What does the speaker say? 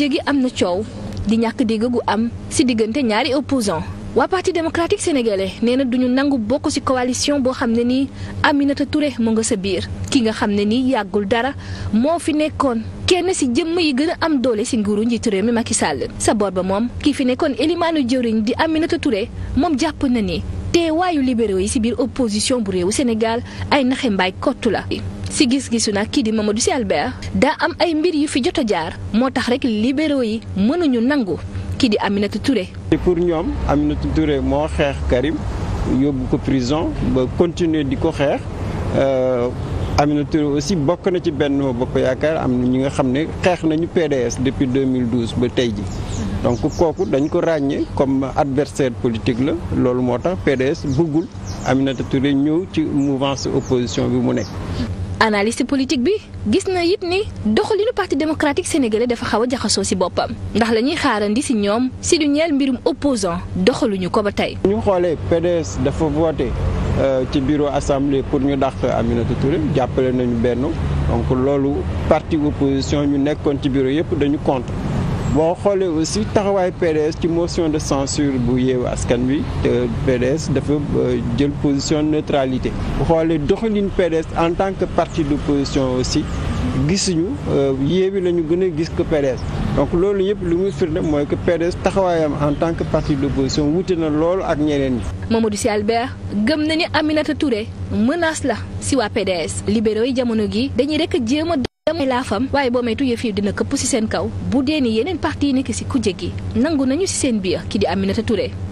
jéegi am na coow di ñàkk dégg gu am si diggante ñaari opposant waa parti démocratique sénégalais nee na duñu nangu bokk ci coalition boo xam ne nii Aminata Touré mu nga sa biir ki nga xam ne nii yàggul dara moo fi nekkoon kenn ci jëmm yi gën a am doole ci nguuru njiitu réew mi Macky Sall sa boor ba moom kii fi nekkoon élimaanu jëwriñ di Aminata Touré moom jàpp na ni waayu libéraux yi ci biir opposition bu réewu Sénégal ay naxe mbaay la. si gis-gisu nag kii di ma Mamadou Sy Albert daa am ay mbir yu fi jot a jaar moo tax rek libéraux yi mënuñu nangu kii di Aminata Touré. pour ñoom Aminata Touré moo xeex Karim yóbbu ko prison ba continuer di ko xeex. Euh, Aminata Touré aussi bokk na ci benn bokk yaakaar am na ñi nga xam ne xeex nañu PDS depuis 2012 ba tey ji donc kooku dañ ko ràññee comme adversaire politique la loolu moo tax PDS bëggul Aminata Touré ñëw ci mouvance opposition bi mu nekk. analyste politique bi gis na it ni doxalinu parti démocratique sénégale dafa xaw a jaxasoo ci boppam ndax lañuy ñuy xaarandi si ñoom ci du ñeel mbirum opposant ñu ko ba tey. ñu xoolee PDS dafa voté euh, ci bureau assemblée pour ñu dàq Aminata Touré jàppale nañu benn donc loolu parti opposition ñu nekkoon ci bureau yëpp dañu contre. boo xoolee aussi taxawaay PDS ci motion de censure bu yeewu askan wi te PDS dafa euh, jël position neutralité bu xoolee doxalin PDS en tant que parti d'opposition aussi gisuñu euh, yeewi la ñu gën a gis que PDS donc loolu yëpp lu muy firnde mooy que PDS taxawaayam en tan que parti d'opposition wuute na loolu ak ñeneen ñi. Mamadou Sy Albert gëm na ni Aminata Touré menace la si waa PDS libéraux yi jamono gi dañuy rek jéem damay laa fam waaye boo may tuyee fii dina këpp ci seen kaw bu dee ni yeneen parti yi nekk ci kujje gi nangu nañu ci seen biir ki di a ture